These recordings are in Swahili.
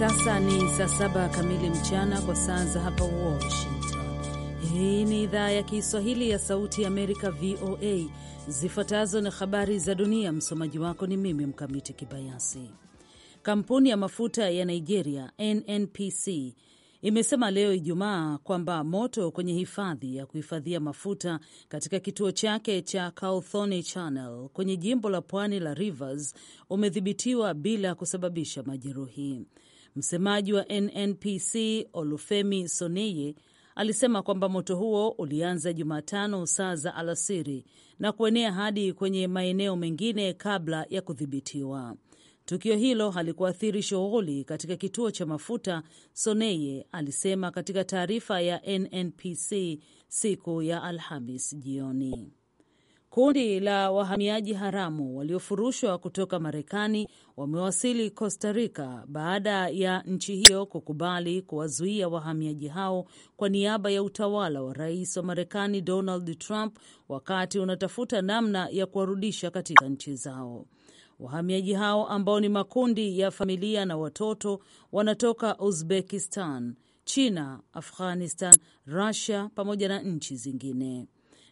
sasa ni saa saba kamili mchana kwa saa za hapa Washington. Hii ni idhaa ya Kiswahili ya Sauti ya Amerika, VOA. Zifuatazo na habari za dunia, msomaji wako ni mimi Mkamiti Kibayasi. Kampuni ya mafuta ya Nigeria NNPC imesema leo Ijumaa kwamba moto kwenye hifadhi ya kuhifadhia mafuta katika kituo chake cha Calthony Channel kwenye jimbo la pwani la Rivers umedhibitiwa bila kusababisha majeruhi. Msemaji wa NNPC Olufemi Soneye alisema kwamba moto huo ulianza Jumatano saa za alasiri na kuenea hadi kwenye maeneo mengine kabla ya kudhibitiwa. Tukio hilo halikuathiri shughuli katika kituo cha mafuta, Soneye alisema katika taarifa ya NNPC siku ya Alhamis jioni. Kundi la wahamiaji haramu waliofurushwa kutoka Marekani wamewasili Costa Rica baada ya nchi hiyo kukubali kuwazuia wahamiaji hao kwa niaba ya utawala wa rais wa Marekani Donald Trump, wakati unatafuta namna ya kuwarudisha katika nchi zao. Wahamiaji hao ambao ni makundi ya familia na watoto wanatoka Uzbekistan, China, Afghanistan, Russia pamoja na nchi zingine.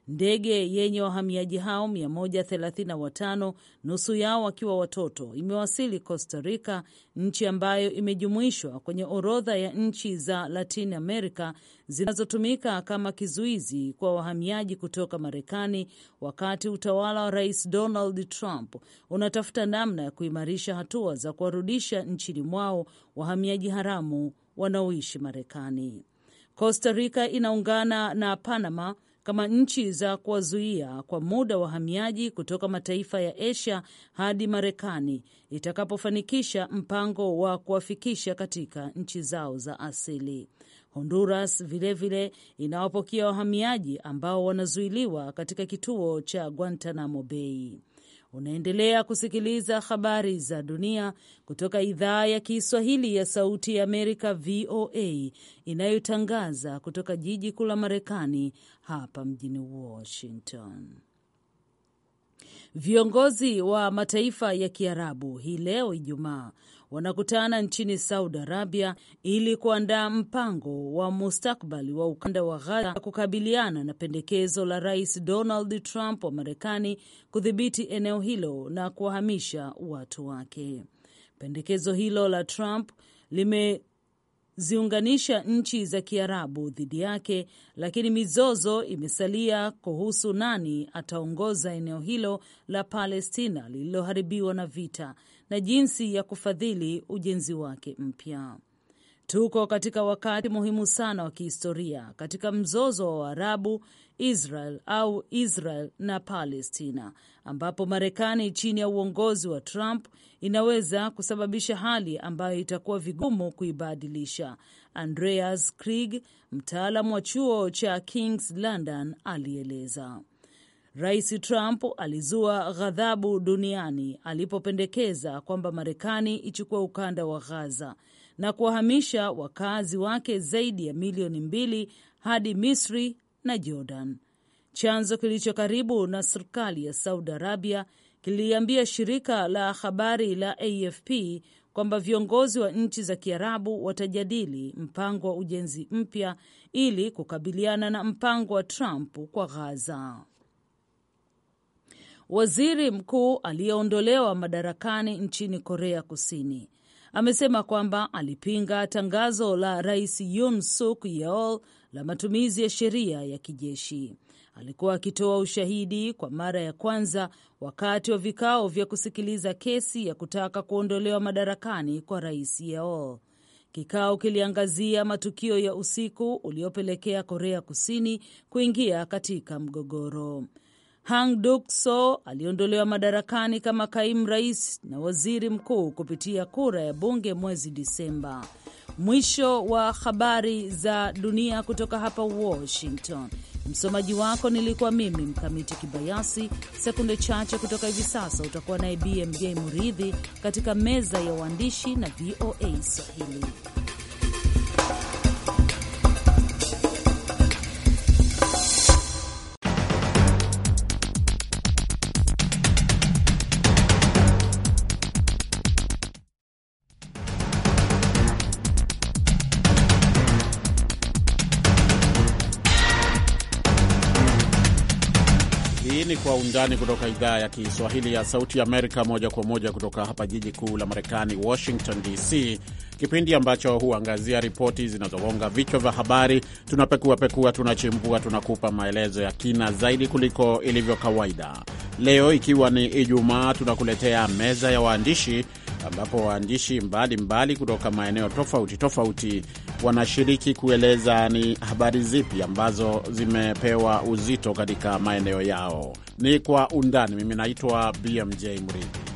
Ndege yenye wahamiaji hao 135 nusu yao wakiwa watoto imewasili Costa Rica, nchi ambayo imejumuishwa kwenye orodha ya nchi za Latin America zinazotumika kama kizuizi kwa wahamiaji kutoka Marekani, wakati utawala wa Rais Donald Trump unatafuta namna ya kuimarisha hatua za kuwarudisha nchini mwao wahamiaji haramu wanaoishi Marekani. Costa Rica inaungana na Panama kama nchi za kuwazuia kwa muda wahamiaji kutoka mataifa ya Asia hadi Marekani itakapofanikisha mpango wa kuwafikisha katika nchi zao za asili. Honduras vilevile inawapokea wahamiaji ambao wanazuiliwa katika kituo cha Guantanamo Bay. Unaendelea kusikiliza habari za dunia kutoka idhaa ya Kiswahili ya Sauti ya Amerika, VOA, inayotangaza kutoka jiji kuu la Marekani, hapa mjini Washington. Viongozi wa mataifa ya Kiarabu hii leo Ijumaa wanakutana nchini Saudi Arabia ili kuandaa mpango wa mustakbali wa ukanda wa a kukabiliana na pendekezo la Rais Donald Trump wa Marekani kudhibiti eneo hilo na kuwahamisha watu wake. Pendekezo hilo la Trump lime ziunganisha nchi za Kiarabu dhidi yake, lakini mizozo imesalia kuhusu nani ataongoza eneo hilo la Palestina lililoharibiwa na vita na jinsi ya kufadhili ujenzi wake mpya. Tuko katika wakati muhimu sana wa kihistoria katika mzozo wa Waarabu, Israel au Israel na Palestina, ambapo Marekani chini ya uongozi wa Trump inaweza kusababisha hali ambayo itakuwa vigumu kuibadilisha. Andreas Krieg, mtaalamu wa chuo cha King's London, alieleza. Rais Trump alizua ghadhabu duniani alipopendekeza kwamba Marekani ichukue ukanda wa Ghaza na kuwahamisha wakazi wake zaidi ya milioni mbili hadi Misri na Jordan. Chanzo kilicho karibu na serikali ya Saudi Arabia kiliambia shirika la habari la AFP kwamba viongozi wa nchi za Kiarabu watajadili mpango wa ujenzi mpya ili kukabiliana na mpango wa Trump kwa Gaza waziri mkuu aliyeondolewa madarakani nchini Korea Kusini amesema kwamba alipinga tangazo la rais Yoon Suk Yeol la matumizi ya sheria ya kijeshi. Alikuwa akitoa ushahidi kwa mara ya kwanza wakati wa vikao vya kusikiliza kesi ya kutaka kuondolewa madarakani kwa rais Yeol. Kikao kiliangazia matukio ya usiku uliopelekea Korea Kusini kuingia katika mgogoro. Hang Duk So aliondolewa madarakani kama kaimu rais na waziri mkuu kupitia kura ya bunge mwezi Disemba. Mwisho wa habari za dunia kutoka hapa Washington. Msomaji wako nilikuwa mimi Mkamiti Kibayasi. Sekunde chache kutoka hivi sasa utakuwa naye BMJ Muridhi katika meza ya waandishi na VOA Swahili. undani kutoka idhaa ya Kiswahili ya Sauti Amerika, moja kwa moja kutoka hapa jiji kuu la Marekani, Washington DC, kipindi ambacho huangazia ripoti zinazogonga vichwa vya habari. Tunapekuapekua, tunachimbua, tunakupa maelezo ya kina zaidi kuliko ilivyo kawaida. Leo ikiwa ni Ijumaa, tunakuletea meza ya waandishi ambapo waandishi mbalimbali kutoka maeneo tofauti tofauti wanashiriki kueleza ni habari zipi ambazo zimepewa uzito katika maeneo yao. Ni kwa undani. Mimi naitwa BMJ Mridhi.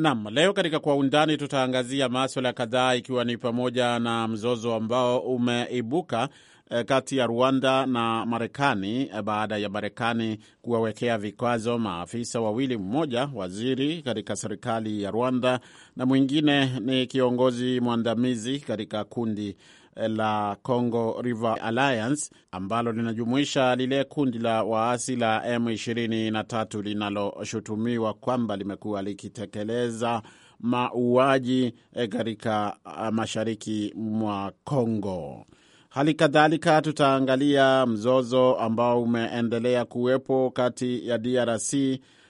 Nam, leo katika Kwa Undani tutaangazia maswala kadhaa, ikiwa ni pamoja na mzozo ambao umeibuka eh, kati ya Rwanda na Marekani eh, baada ya Marekani kuwawekea vikwazo maafisa wawili, mmoja waziri katika serikali ya Rwanda na mwingine ni kiongozi mwandamizi katika kundi la Congo River Alliance ambalo linajumuisha lile kundi la waasi la M23 linaloshutumiwa kwamba limekuwa likitekeleza mauaji eh, katika ah, mashariki mwa Congo. Hali kadhalika tutaangalia mzozo ambao umeendelea kuwepo kati ya DRC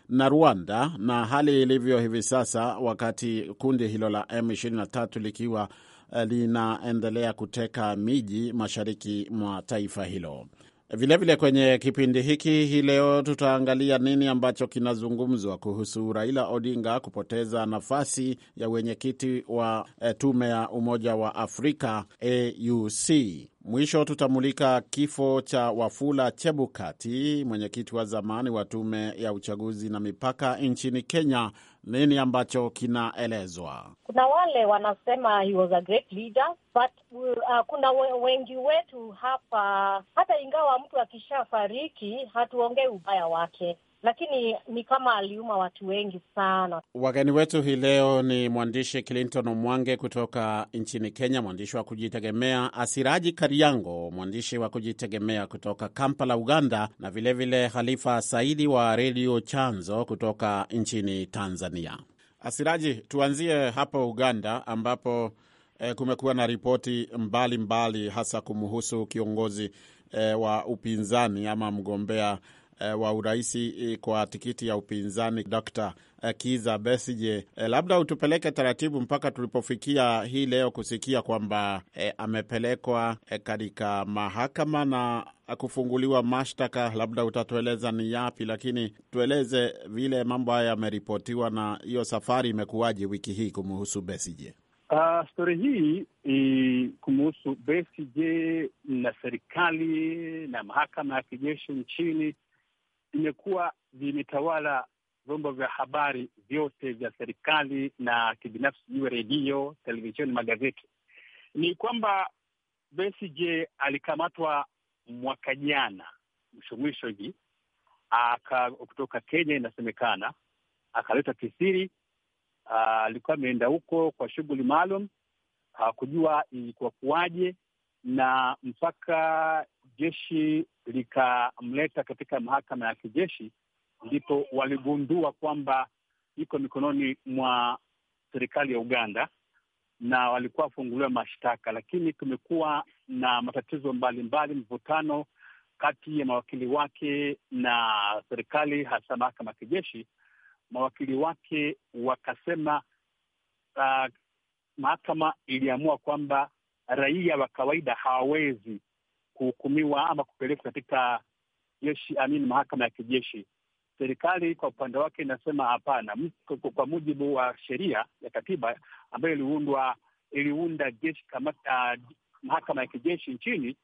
na Rwanda na hali ilivyo hivi sasa, wakati kundi hilo la M23 likiwa linaendelea kuteka miji mashariki mwa taifa hilo. Vilevile vile kwenye kipindi hiki hii leo tutaangalia nini ambacho kinazungumzwa kuhusu Raila Odinga kupoteza nafasi ya wenyekiti wa eh, tume ya Umoja wa Afrika AUC. Mwisho tutamulika kifo cha Wafula Chebukati, mwenyekiti wa zamani wa tume ya uchaguzi na mipaka nchini Kenya, nini ambacho kinaelezwa? Kuna wale wanasema he was a great leader but uh, kuna wengi wetu hapa, hata ingawa mtu akishafariki hatuongei ubaya wake lakini ni kama aliuma watu wengi sana. Wageni wetu hii leo ni mwandishi Clinton mwange kutoka nchini Kenya, mwandishi wa kujitegemea, Asiraji Kariango, mwandishi wa kujitegemea kutoka Kampala, Uganda, na vilevile vile Halifa Saidi wa Redio Chanzo kutoka nchini Tanzania. Asiraji, tuanzie hapo Uganda ambapo eh, kumekuwa na ripoti mbalimbali hasa kumhusu kiongozi eh, wa upinzani ama mgombea Eh, wa uraisi eh, kwa tikiti ya upinzani Dr. Eh, Kiza Besije, labda utupeleke taratibu mpaka tulipofikia hii leo kusikia kwamba e, amepelekwa e, katika mahakama na kufunguliwa mashtaka. Labda utatueleza ni yapi, lakini tueleze vile mambo haya yameripotiwa na hiyo safari imekuwaje wiki hii kumuhusu Besije. Uh, ah, stori hii i, kumuhusu Besije na serikali na mahakama ya kijeshi nchini vimekuwa vimetawala vyombo vya habari vyote vya serikali na kibinafsi, iwe redio, televisheni, magazeti. Ni kwamba Besigye alikamatwa mwaka jana mwisho mwisho hivi kutoka Kenya inasemekana, akaleta kisiri. Alikuwa ameenda huko kwa shughuli maalum, hawakujua ilikuwa kuwaje, na mpaka jeshi likamleta katika mahakama ya kijeshi, ndipo waligundua kwamba iko mikononi mwa serikali ya Uganda na walikuwa wafunguliwa mashtaka, lakini kumekuwa na matatizo mbalimbali, mvutano kati ya mawakili wake na serikali, hasa mahakama ya kijeshi. Mawakili wake wakasema uh, mahakama iliamua kwamba raia wa kawaida hawawezi kuhukumiwa ama kupelekwa katika jeshi amini mahakama ya kijeshi. Serikali kwa upande wake inasema hapana, kwa mujibu wa sheria ya katiba ambayo iliundwa iliunda jeshi kama uh, mahakama ya kijeshi nchini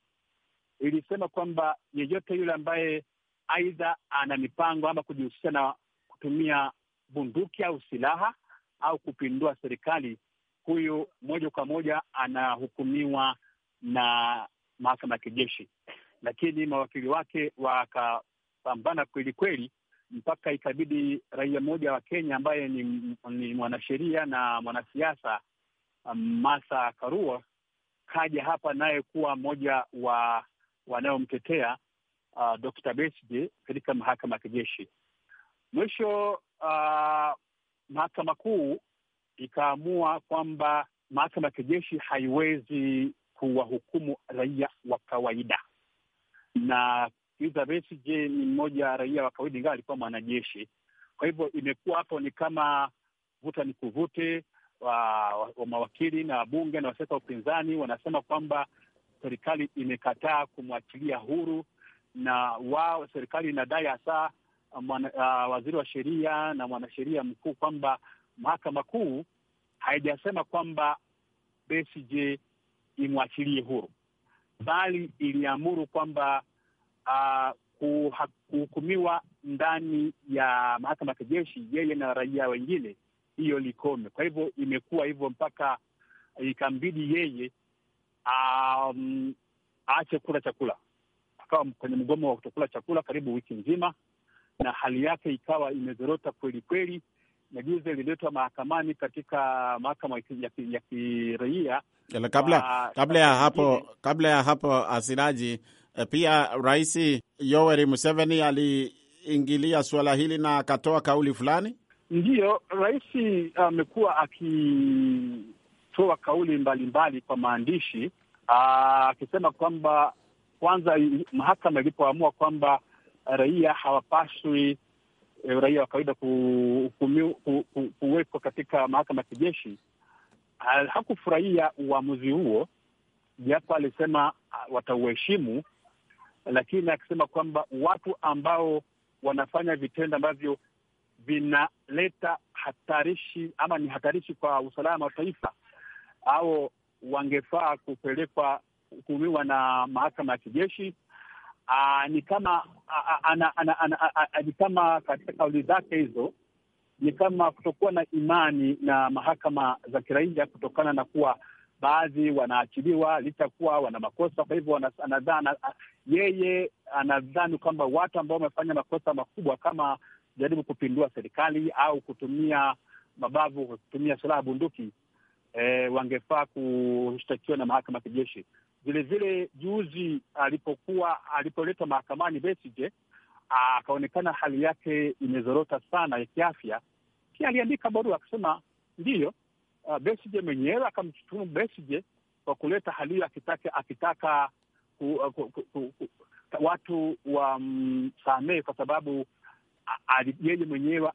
ilisema kwamba yeyote yule ambaye aidha ana mipango ama kujihusisha na kutumia bunduki au silaha au kupindua serikali, huyu moja kwa moja anahukumiwa na mahakama ya kijeshi, lakini mawakili wake wakapambana kweli kweli mpaka ikabidi raia mmoja wa Kenya ambaye ni, ni mwanasheria na mwanasiasa um, Martha Karua kaja hapa naye kuwa mmoja wa wanayomtetea uh, Dr. Besigye katika mahakama ya kijeshi. Mwisho uh, mahakama kuu ikaamua kwamba mahakama ya kijeshi haiwezi kuwahukumu raia wa kawaida. Na Kizza Besigye ni mmoja wa raia wa kawaida, ingawa alikuwa mwanajeshi. Kwa hivyo imekuwa hapo ni kama vuta ni kuvute wa, wa mawakili na wabunge na waseka wa upinzani wanasema kwamba serikali imekataa kumwachilia huru, na wao serikali inadai hasa uh, waziri wa sheria na mwanasheria mkuu kwamba mahakama kuu haijasema kwamba Besigye imwachilie huru, bali iliamuru kwamba uh, kuhukumiwa ndani ya mahakama ya kijeshi yeye na raia wengine, hiyo likome. Kwa hivyo imekuwa hivyo mpaka ikambidi yeye um, aache kula chakula, akawa kwenye mgomo wa kutokula chakula karibu wiki nzima, na hali yake ikawa imezorota kweli kweli. Majuzi aliletwa mahakamani katika mahakama ya kiraia. Kabla ah, kabla ya hapo, kabla ya hapo asiraji, eh, pia Rais Yoweri Museveni aliingilia suala hili na akatoa kauli fulani. Ndiyo, rais ah, amekuwa uh, akitoa kauli mbalimbali mbali kwa maandishi ah, akisema uh, kwamba kwanza mahakama ilipoamua kwamba raia hawapaswi Eh, raia wa kawaida kuwekwa katika mahakama ya kijeshi, hakufurahia uamuzi huo, japo alisema ah, watauheshimu, lakini akisema kwamba watu ambao wanafanya vitendo ambavyo vinaleta hatarishi ama ni hatarishi kwa usalama wa taifa au wangefaa kupelekwa kuumiwa na mahakama ya kijeshi Ah, ni kama ah, ah, ni kama katika kauli zake hizo ni kama kutokuwa na imani na mahakama za kiraia kutokana na kuwa baadhi wanaachiliwa licha kuwa wana makosa. Kwa hivyo anadhani yeye anadhani kwamba watu ambao wamefanya makosa makubwa kama jaribu kupindua serikali au kutumia mabavu, kutumia silaha bunduki, e, wangefaa kushtakiwa na mahakama ya kijeshi. Vilevile juzi alipokuwa alipoletwa mahakamani Besigye, akaonekana hali yake imezorota sana ya kiafya, pia aliandika barua akasema ndiyo. Uh, Besigye mwenyewe akamshutumu Besigye kwa kuleta hali hiyo akitaka, akitaka ku, ku, ku, ku, ku, watu wamsamehe mm, um, kwa sababu yeye mwenyewe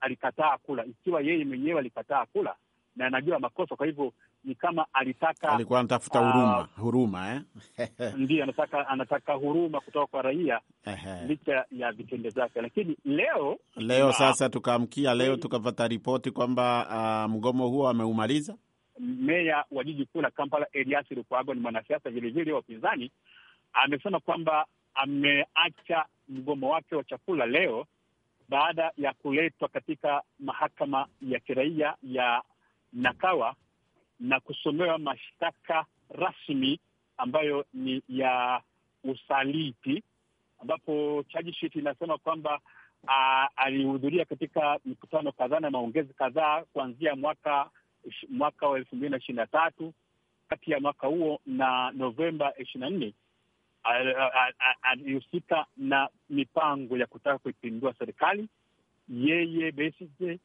alikataa kula. Ikiwa yeye mwenyewe alikataa kula na anajua makosa. Kwa hivyo ni kama alitaka, alikuwa anatafuta ah, huruma uh, huruma eh? Ndio, anataka anataka huruma kutoka kwa raia licha ya vitendo vyake. Lakini leo leo na, sasa tukaamkia leo eh, tukapata ripoti kwamba uh, mgomo huo ameumaliza. Meya wa jiji kuu la Kampala Erias Lukwago ni mwanasiasa vilevile wa upinzani, amesema kwamba ameacha mgomo wake wa chakula leo baada ya kuletwa katika mahakama ya kiraia ya NAKAWA na kusomewa mashtaka rasmi ambayo ni ya usaliti, ambapo charge sheet inasema kwamba alihudhuria katika mikutano kadhaa na maongezi kadhaa kuanzia mwaka mwaka wa elfu mbili na ishirini na tatu kati ya mwaka huo na Novemba ishirini na nne alihusika na mipango ya kutaka kuipindua serikali. Yeye Besigye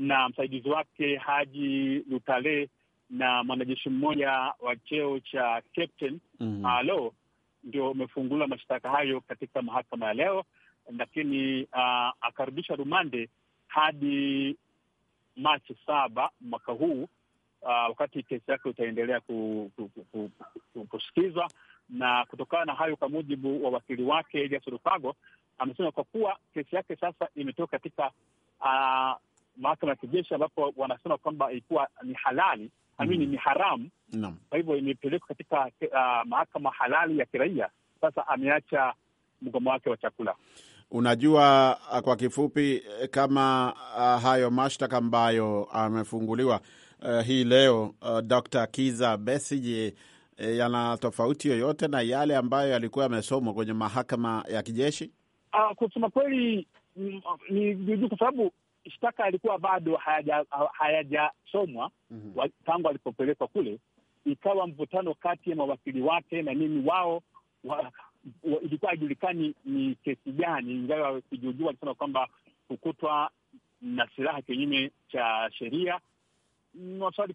na msaidizi wake Haji Lutale na mwanajeshi mmoja wa cheo cha captain mm -hmm. Alo ah, ndio umefungula mashtaka hayo katika mahakama ya leo, lakini uh, ah, akarudisha rumande hadi Machi saba mwaka huu uh, wakati kesi yake utaendelea kusikizwa na kutokana na hayo, kwa mujibu wa wakili wake Elias Lupago amesema kwa kuwa kesi yake sasa imetoka katika uh, mahakama ya kijeshi ambapo wanasema kwamba ilikuwa ni halali amini mm-hmm. ni haramu no. Kwa hivyo imepelekwa katika uh, mahakama halali ya kiraia. Sasa ameacha mgomo wake wa chakula. Unajua, uh, kwa kifupi, eh, kama uh, hayo mashtaka ambayo amefunguliwa uh, hii leo uh, Dr. Kiza Besige uh, eh, yana tofauti yoyote na yale ambayo yalikuwa yamesomwa kwenye mahakama ya kijeshi? Uh, kusema kweli mm, ni kwa sababu mashtaka yalikuwa bado hayajasomwa mm -hmm. tangu alipopelekwa kule, ikawa mvutano kati ya mawakili wake na nini wao wa, wa, ilikuwa haijulikani ni kesi gani, ingawa kijuujuu walisema kwamba kukutwa na silaha kinyume cha sheria maswali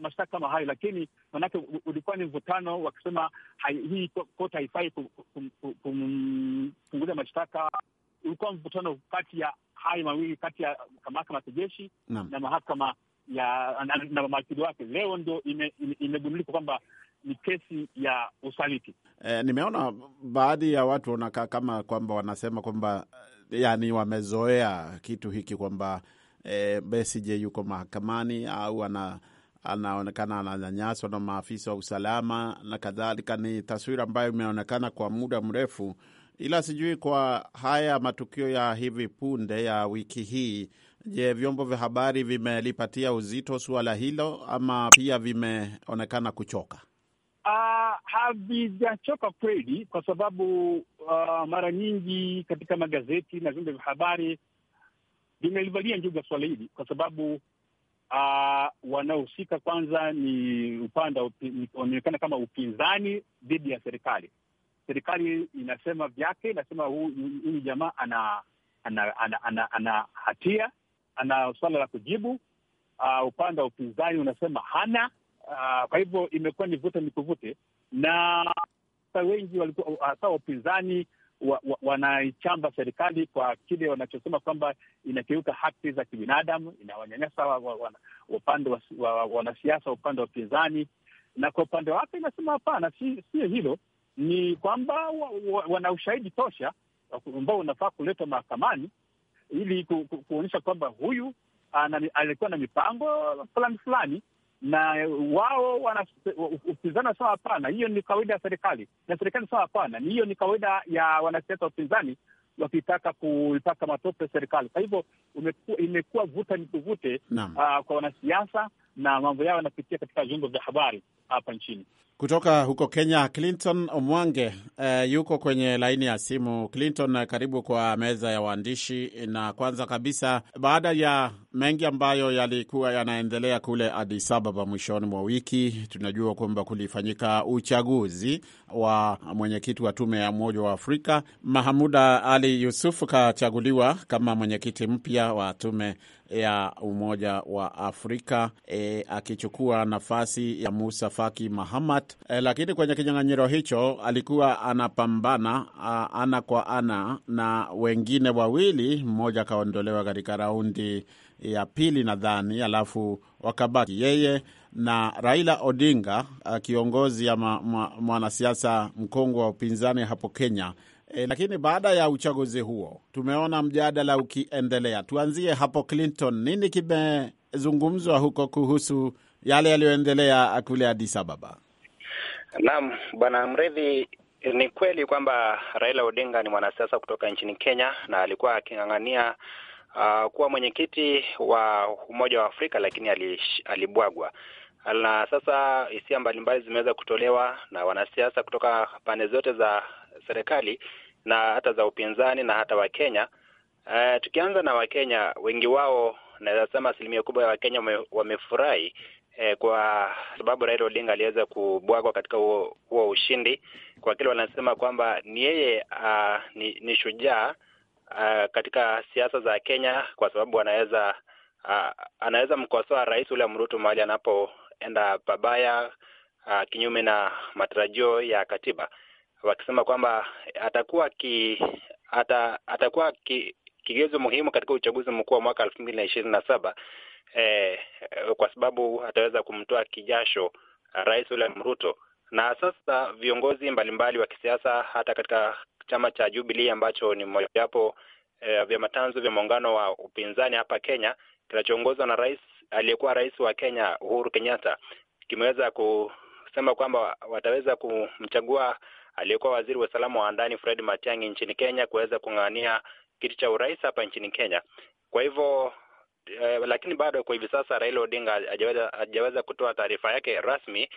mashtaka kama hayo, lakini manake ulikuwa ni mvutano, wakisema hii kota haifai kumfungulia mashtaka. Ulikuwa mvutano kati ya hayo mawili kati ya mahakama ya kijeshi na, na mahakama ya na, na mawakili wake leo ndo imegundulika ime, ime kwamba ni kesi ya usaliti. Eh, nimeona baadhi ya watu wanakaa kama kwamba wanasema kwamba eh, yani wamezoea kitu hiki kwamba eh, Besigye yuko mahakamani au ana anaonekana ananyanyaswa na maafisa wa usalama na kadhalika. Ni taswira ambayo imeonekana kwa muda mrefu Ila sijui kwa haya matukio ya hivi punde ya wiki hii, je, vyombo vya habari vimelipatia uzito suala hilo ama pia vimeonekana kuchoka? Uh, havijachoka kweli, kwa sababu uh, mara nyingi katika magazeti na vyombo vya habari vimelivalia njuga swala hili kwa sababu uh, wanaohusika kwanza ni upande wanaonekana kama upinzani dhidi ya serikali serikali inasema vyake, inasema huyu jamaa ana ana, ana, ana, ana hatia, ana swala la kujibu. Uh, upande wa upinzani unasema hana. Uh, kwa hivyo imekuwa ni vuta ni kuvute, na wengi walikuwa hasa wapinzani wa, wa, wanaichamba serikali kwa kile wanachosema kwamba inakiuka haki za kibinadamu, inawanyanyasa upande wa wanasiasa, upande wa upinzani, na kwa upande wake inasema hapana, sio hilo ni kwamba wana ushahidi tosha ambao unafaa kuletwa mahakamani ili ku, ku, kuonyesha kwamba huyu alikuwa na mipango fulani fulani, na wao upinzani wanasema hapana, hiyo ni kawaida ya serikali, na serikali inasema hapana, hiyo ni kawaida ya wanasiasa wa upinzani wakitaka kuipaka matope serikali. Kwa hivyo imekuwa vuta ni kuvute uh, kwa wanasiasa na mambo yao yanapitia katika vyombo vya habari hapa nchini kutoka huko Kenya, Clinton Omwange eh, yuko kwenye laini ya simu. Clinton, eh, karibu kwa meza ya waandishi. Na kwanza kabisa, baada ya mengi ambayo yalikuwa yanaendelea kule Addis Ababa mwishoni mwa wiki, tunajua kwamba kulifanyika uchaguzi wa mwenyekiti wa tume ya Umoja wa Afrika. Mahamuda Ali Yusuf kachaguliwa kama mwenyekiti mpya wa tume ya Umoja wa Afrika e, akichukua nafasi ya Musa Faki Mahamat e, lakini kwenye kinyang'anyiro hicho alikuwa anapambana a, ana kwa ana na wengine wawili, mmoja akaondolewa katika raundi ya pili nadhani, alafu wakabaki yeye na Raila Odinga, kiongozi ama mwanasiasa mkongwe wa upinzani hapo Kenya E, lakini baada ya uchaguzi huo tumeona mjadala ukiendelea. Tuanzie hapo Clinton, nini kimezungumzwa huko kuhusu yale yaliyoendelea kule Addis Ababa? Naam, bwana Mredhi, ni kweli kwamba Raila Odinga ni mwanasiasa kutoka nchini Kenya na alikuwa aking'ang'ania uh, kuwa mwenyekiti wa Umoja wa Afrika, lakini alibwagwa na sasa hisia mbalimbali zimeweza kutolewa na wanasiasa kutoka pande zote za serikali na hata za upinzani na hata Wakenya. Uh, eh, tukianza na Wakenya, wengi wao naweza sema asilimia kubwa ya Wakenya wame, wamefurahi eh, kwa sababu Raila Odinga aliweza kubwagwa katika huo, huo ushindi kwa kile wanasema kwamba ni yeye uh, ni, ni shujaa uh, katika siasa za Kenya kwa sababu anaweza uh, anaweza mkosoa Rais William Ruto mahali anapoenda pabaya uh, kinyume na matarajio ya katiba wakisema kwamba atakuwa ki, ata, atakuwa ki, kigezo muhimu katika uchaguzi mkuu wa mwaka elfu mbili na ishirini na saba eh, kwa sababu ataweza kumtoa kijasho eh, Rais William Ruto. Na sasa viongozi mbalimbali wa kisiasa hata katika chama cha Jubilee ambacho ni mojawapo eh, vya tanzu vya muungano wa upinzani hapa Kenya kinachoongozwa na rais aliyekuwa rais wa Kenya Uhuru Kenyatta kimeweza kusema kwamba wataweza kumchagua aliyekuwa waziri wa usalama wa ndani Fred Matiang'i nchini Kenya kuweza kung'ang'ania kiti cha urais hapa nchini Kenya. Kwa hivyo eh, lakini bado kwa hivi sasa Raila Odinga hajaweza kutoa taarifa yake rasmi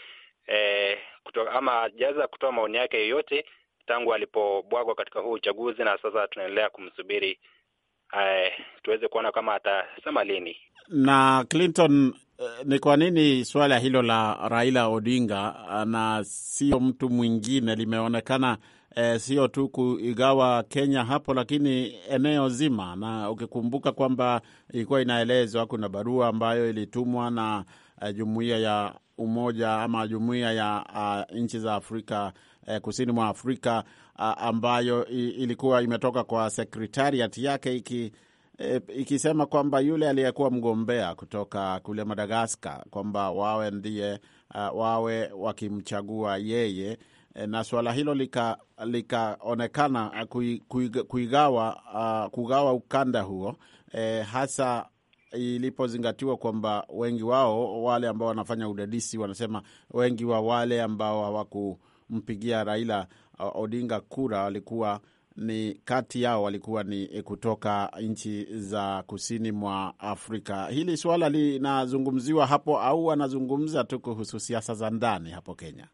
eh, kuto, ama hajaweza kutoa maoni yake yoyote tangu alipobwagwa katika huu uchaguzi, na sasa tunaendelea kumsubiri tuweze kuona kama atasema lini. Na Clinton, eh, ni kwa nini suala hilo la Raila Odinga eh, na sio mtu mwingine limeonekana e, sio tu kuigawa Kenya hapo, lakini eneo zima, na ukikumbuka kwamba ilikuwa inaelezwa kuna barua ambayo ilitumwa na jumuiya ya umoja ama jumuiya ya uh, nchi za Afrika eh, kusini mwa Afrika ambayo ilikuwa imetoka kwa sekretariat yake iki E, ikisema kwamba yule aliyekuwa mgombea kutoka kule Madagaskar kwamba wawe ndiye uh, wawe wakimchagua yeye e, na suala hilo likaonekana lika kui, uh, kugawa ukanda huo e, hasa ilipozingatiwa kwamba wengi wao wale ambao wanafanya udadisi wanasema wengi wa wale ambao hawakumpigia Raila Odinga Kura walikuwa ni kati yao walikuwa ni kutoka nchi za kusini mwa Afrika. Hili suala linazungumziwa hapo au wanazungumza tu kuhusu siasa za ndani hapo Kenya?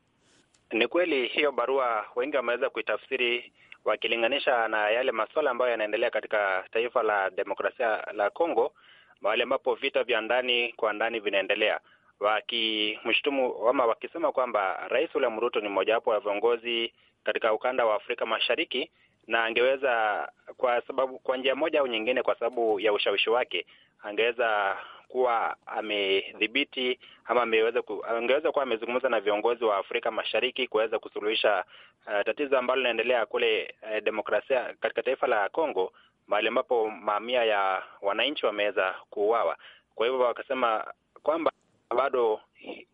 Ni kweli hiyo barua wengi wameweza kuitafsiri wakilinganisha na yale masuala ambayo yanaendelea katika taifa la demokrasia la congo mahali ambapo vita vya ndani kwa ndani vinaendelea, wakimshtumu ama wakisema kwamba Rais William Ruto ni mojawapo ya viongozi katika ukanda wa Afrika Mashariki na angeweza kwa sababu kwa njia moja au nyingine, kwa sababu ya ushawishi wake, angeweza kuwa amedhibiti ama ameweza ku, angeweza kuwa amezungumza na viongozi wa Afrika Mashariki kuweza kusuluhisha uh, tatizo ambalo linaendelea kule uh, demokrasia katika taifa la congo mahali ambapo mamia ya wananchi wameweza kuuawa. Kwa hivyo wakasema kwamba bado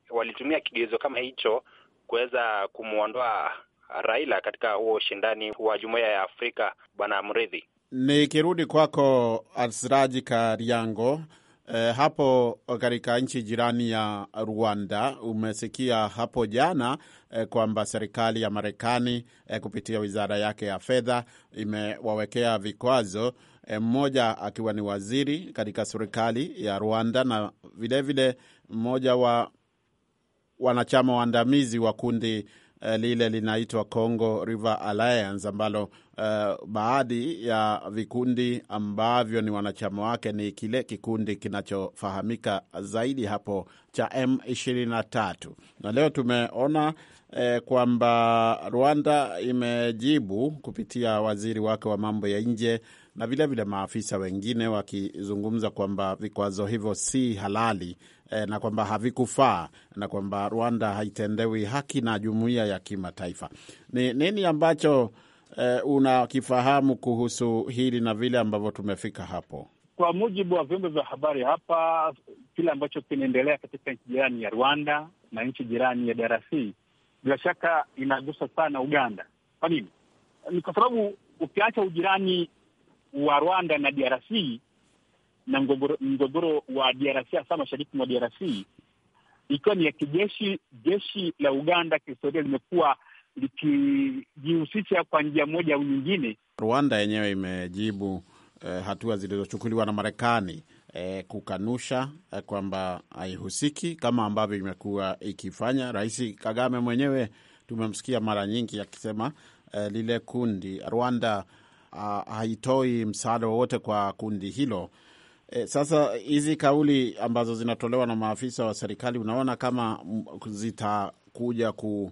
walitumia kigezo kama hicho kuweza kumwondoa Raila katika huo ushindani wa jumuiya ya Afrika. Bwana Mridhi, nikirudi kwako Asraji Kariango. E, hapo katika nchi jirani ya Rwanda umesikia hapo jana e, kwamba serikali ya Marekani e, kupitia wizara yake ya fedha imewawekea vikwazo e, mmoja akiwa ni waziri katika serikali ya Rwanda na vilevile mmoja wa wanachama waandamizi wa kundi Eh, lile linaitwa Congo River Alliance ambalo uh, baadhi ya vikundi ambavyo ni wanachama wake ni kile kikundi kinachofahamika zaidi hapo cha M23, na leo tumeona eh, kwamba Rwanda imejibu kupitia waziri wake wa mambo ya nje na vilevile maafisa wengine wakizungumza kwamba vikwazo hivyo si halali eh, na kwamba havikufaa na kwamba Rwanda haitendewi haki na jumuiya ya kimataifa. Ni nini ambacho eh, unakifahamu kuhusu hili na vile ambavyo tumefika hapo? Kwa mujibu wa vyombo vya habari hapa, kile ambacho kinaendelea katika nchi jirani ya Rwanda na nchi jirani ya DRC bila shaka inagusa sana Uganda. Kwa nini? Ni kwa sababu ukiacha ujirani wa Rwanda na DRC na mgogoro wa DRC hasa mashariki mwa DRC ikiwa ni ya kijeshi. Jeshi la Uganda kihistoria limekuwa likijihusisha kwa njia moja au nyingine. Rwanda yenyewe imejibu eh, hatua zilizochukuliwa na Marekani eh, kukanusha eh, kwamba haihusiki kama ambavyo imekuwa ikifanya. Rais Kagame mwenyewe tumemsikia mara nyingi akisema eh, lile kundi Rwanda ah, haitoi msaada wowote kwa kundi hilo E, sasa hizi kauli ambazo zinatolewa na maafisa wa serikali unaona kama zitakuja ku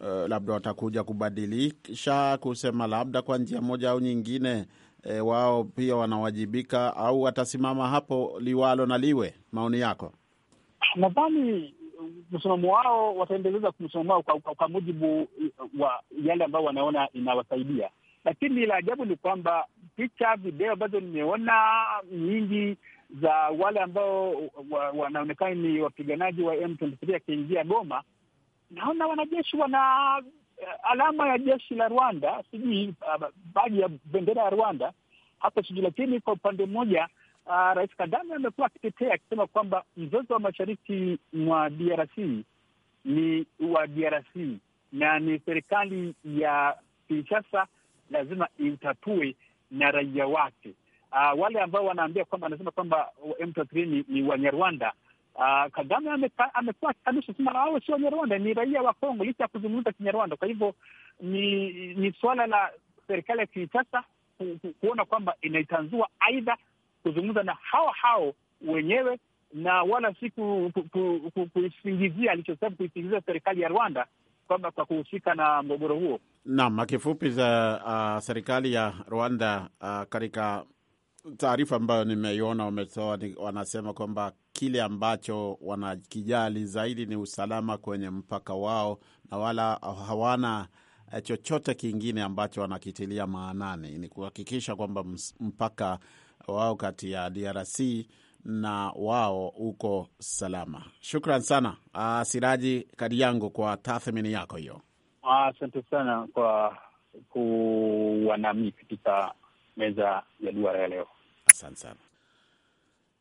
uh, labda watakuja kubadilisha kusema labda kwa njia moja au nyingine e, wao pia wanawajibika au watasimama hapo liwalo na liwe? Maoni yako? Nadhani msimamo wao wataendeleza msimamo wao kwa, kwa, kwa mujibu wa yale ambayo wanaona inawasaidia, lakini la ajabu ni kwamba picha, video ambazo nimeona nyingi za wale ambao wanaonekana wa, ni wapiganaji wa M23 akiingia Goma, naona wanajeshi wana eh, alama ya jeshi la Rwanda, sijui ah, baji ya bendera ya Rwanda hapa sijui. Lakini kwa upande mmoja uh, Rais Kagame amekuwa akitetea akisema kwamba mzozo wa mashariki mwa DRC ni wa DRC na ni serikali ya Kinshasa lazima iutatue na raia wake. Uh, wale ambao wanaambia kwamba anasema kwamba M23 ni, ni Wanyarwanda. Uh, ah, Kagame amekuwa ameshasema hao si Wanyarwanda, ni raia wa Kongo licha ya kuzungumza Kinyarwanda. Kwa hivyo ni ni suala la serikali ya Kinshasa ku, ku, kuona kwamba inaitanzua aidha kuzungumza na hao hao wenyewe na wala si kuisingizia ku, ku, ku, alichosema kuisingizia serikali ya Rwanda kwamba kwa kuhusika na mgogoro huo. Naam, kifupi za uh, serikali ya Rwanda uh, katika taarifa ambayo nimeiona wametoa wanasema kwamba kile ambacho wanakijali zaidi ni usalama kwenye mpaka wao na wala hawana uh, chochote kingine ambacho wanakitilia maanani, ni kuhakikisha kwamba mpaka wao kati ya DRC na wao uko salama. Shukran sana uh, Siraji kadi yangu kwa tathmini yako hiyo. Asante uh, sana kwa kuwa nami katika meza ya duara ya leo. Asante sana.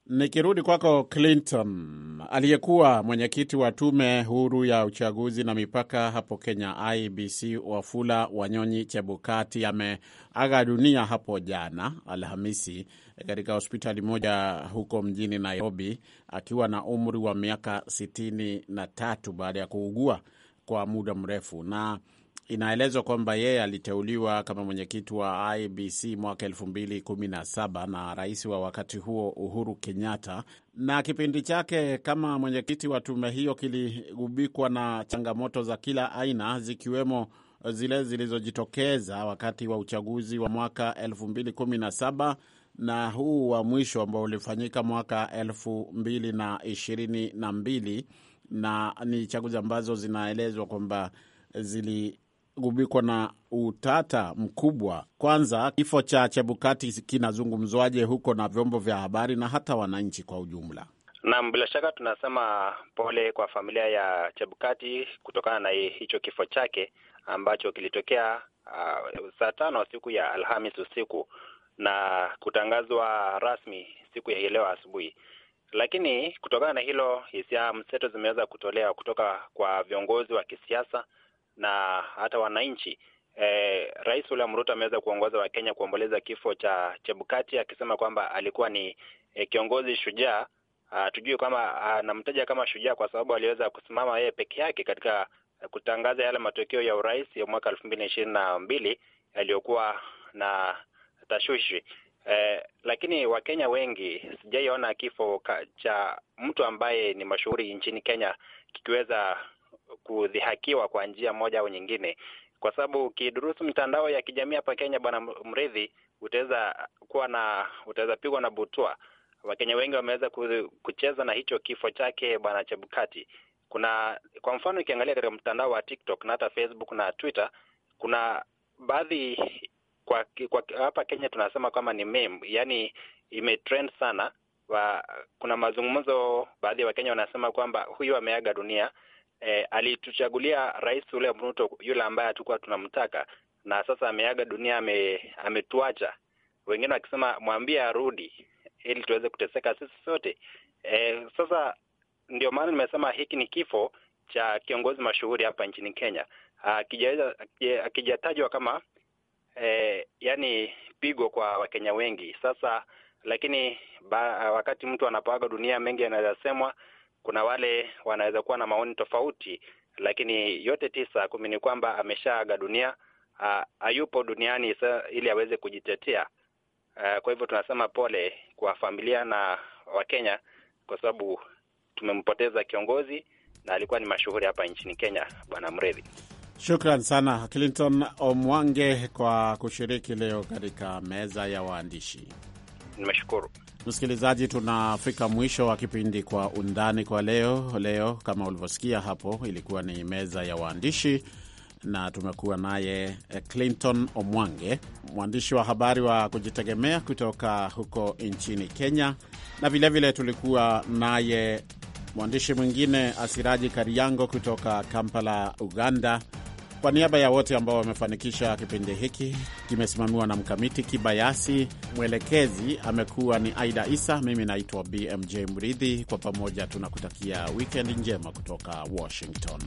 Nikirudi kwako Clinton, aliyekuwa mwenyekiti wa tume huru ya uchaguzi na mipaka hapo Kenya, IBC, Wafula Wanyonyi Chebukati ameaga dunia hapo jana Alhamisi katika hospitali moja huko mjini Nairobi akiwa na umri wa miaka sitini na tatu baada ya kuugua kwa muda mrefu na inaelezwa kwamba yeye aliteuliwa kama mwenyekiti wa IBC mwaka elfu mbili kumi na saba na rais wa wakati huo Uhuru Kenyatta, na kipindi chake kama mwenyekiti wa tume hiyo kiligubikwa na changamoto za kila aina zikiwemo zile zilizojitokeza wakati wa uchaguzi wa mwaka elfu mbili kumi na saba na huu wa mwisho ambao ulifanyika mwaka elfu mbili na ishirini na mbili na ni chaguzi ambazo zinaelezwa kwamba ziligubikwa na utata mkubwa. Kwanza, kifo cha Chebukati kinazungumzwaje huko na vyombo vya habari na hata wananchi kwa ujumla? Naam, bila shaka tunasema pole kwa familia ya Chebukati kutokana na hicho kifo chake ambacho kilitokea uh, saa tano siku ya Alhamis usiku na kutangazwa rasmi siku ya leo asubuhi. Lakini kutokana na hilo, hisia mseto zimeweza kutolewa kutoka kwa viongozi wa kisiasa na hata wananchi. Eh, Rais William Ruto ameweza kuongoza Wakenya kuomboleza kifo cha Chebukati akisema kwamba alikuwa ni eh, kiongozi shujaa. Ah, hatujui kama ah, anamtaja kama shujaa kwa sababu aliweza kusimama yeye peke yake katika kutangaza yale matokeo ya urais ya mwaka elfu mbili na ishirini na mbili yaliyokuwa na tashwishi eh, lakini Wakenya wengi sijaiona kifo cha mtu ambaye ni mashuhuri nchini Kenya kikiweza kudhihakiwa kwa njia moja au nyingine, kwa sababu ukidurusu mtandao ya kijamii hapa Kenya, bwana Mridhi, utaweza kuwa na utaweza pigwa na butua. Wakenya wengi wameweza kucheza na hicho kifo chake bwana Chebukati. Kuna kwa mfano, ikiangalia katika mtandao wa TikTok na hata Facebook na Twitter, kuna baadhi kwa, kwa hapa Kenya tunasema kwamba ni meme, yani imetrend sana wa, kuna mazungumzo, baadhi ya Wakenya wanasema kwamba huyu ameaga dunia e, alituchagulia rais ule Ruto, yule ambaye hatukuwa tunamtaka, na sasa ameaga dunia, ame, ametuacha. Wengine wakisema mwambie arudi ili tuweze kuteseka sisi sote e, sasa ndio maana nimesema hiki ni kifo cha kiongozi mashuhuri hapa nchini Kenya, ah, akijatajwa kama eh, yani pigo kwa Wakenya wengi sasa. Lakini ba, wakati mtu anapoaga dunia, mengi yanawezasemwa. Kuna wale wanaweza kuwa na maoni tofauti, lakini yote tisa kumi ni kwamba ameshaaga dunia, hayupo duniani sa, ili aweze kujitetea. kwa hivyo tunasema pole kwa familia na Wakenya kwa sababu tumempoteza kiongozi na alikuwa ni mashuhuri hapa nchini Kenya, Bwana Mredhi. Shukran sana Clinton Omwange kwa kushiriki leo katika meza ya waandishi. Nimeshukuru msikilizaji. Tunafika mwisho wa kipindi Kwa Undani kwa leo. Leo kama ulivyosikia hapo, ilikuwa ni meza ya waandishi na tumekuwa naye eh, Clinton Omwange, mwandishi wa habari wa kujitegemea kutoka huko nchini Kenya, na vilevile vile tulikuwa naye mwandishi mwingine Asiraji Kariango kutoka Kampala, Uganda, kwa niaba ya wote ambao wamefanikisha kipindi hiki, kimesimamiwa na Mkamiti Kibayasi, mwelekezi amekuwa ni Aida Isa, mimi naitwa BMJ Mridhi. Kwa pamoja tunakutakia wikendi njema kutoka Washington.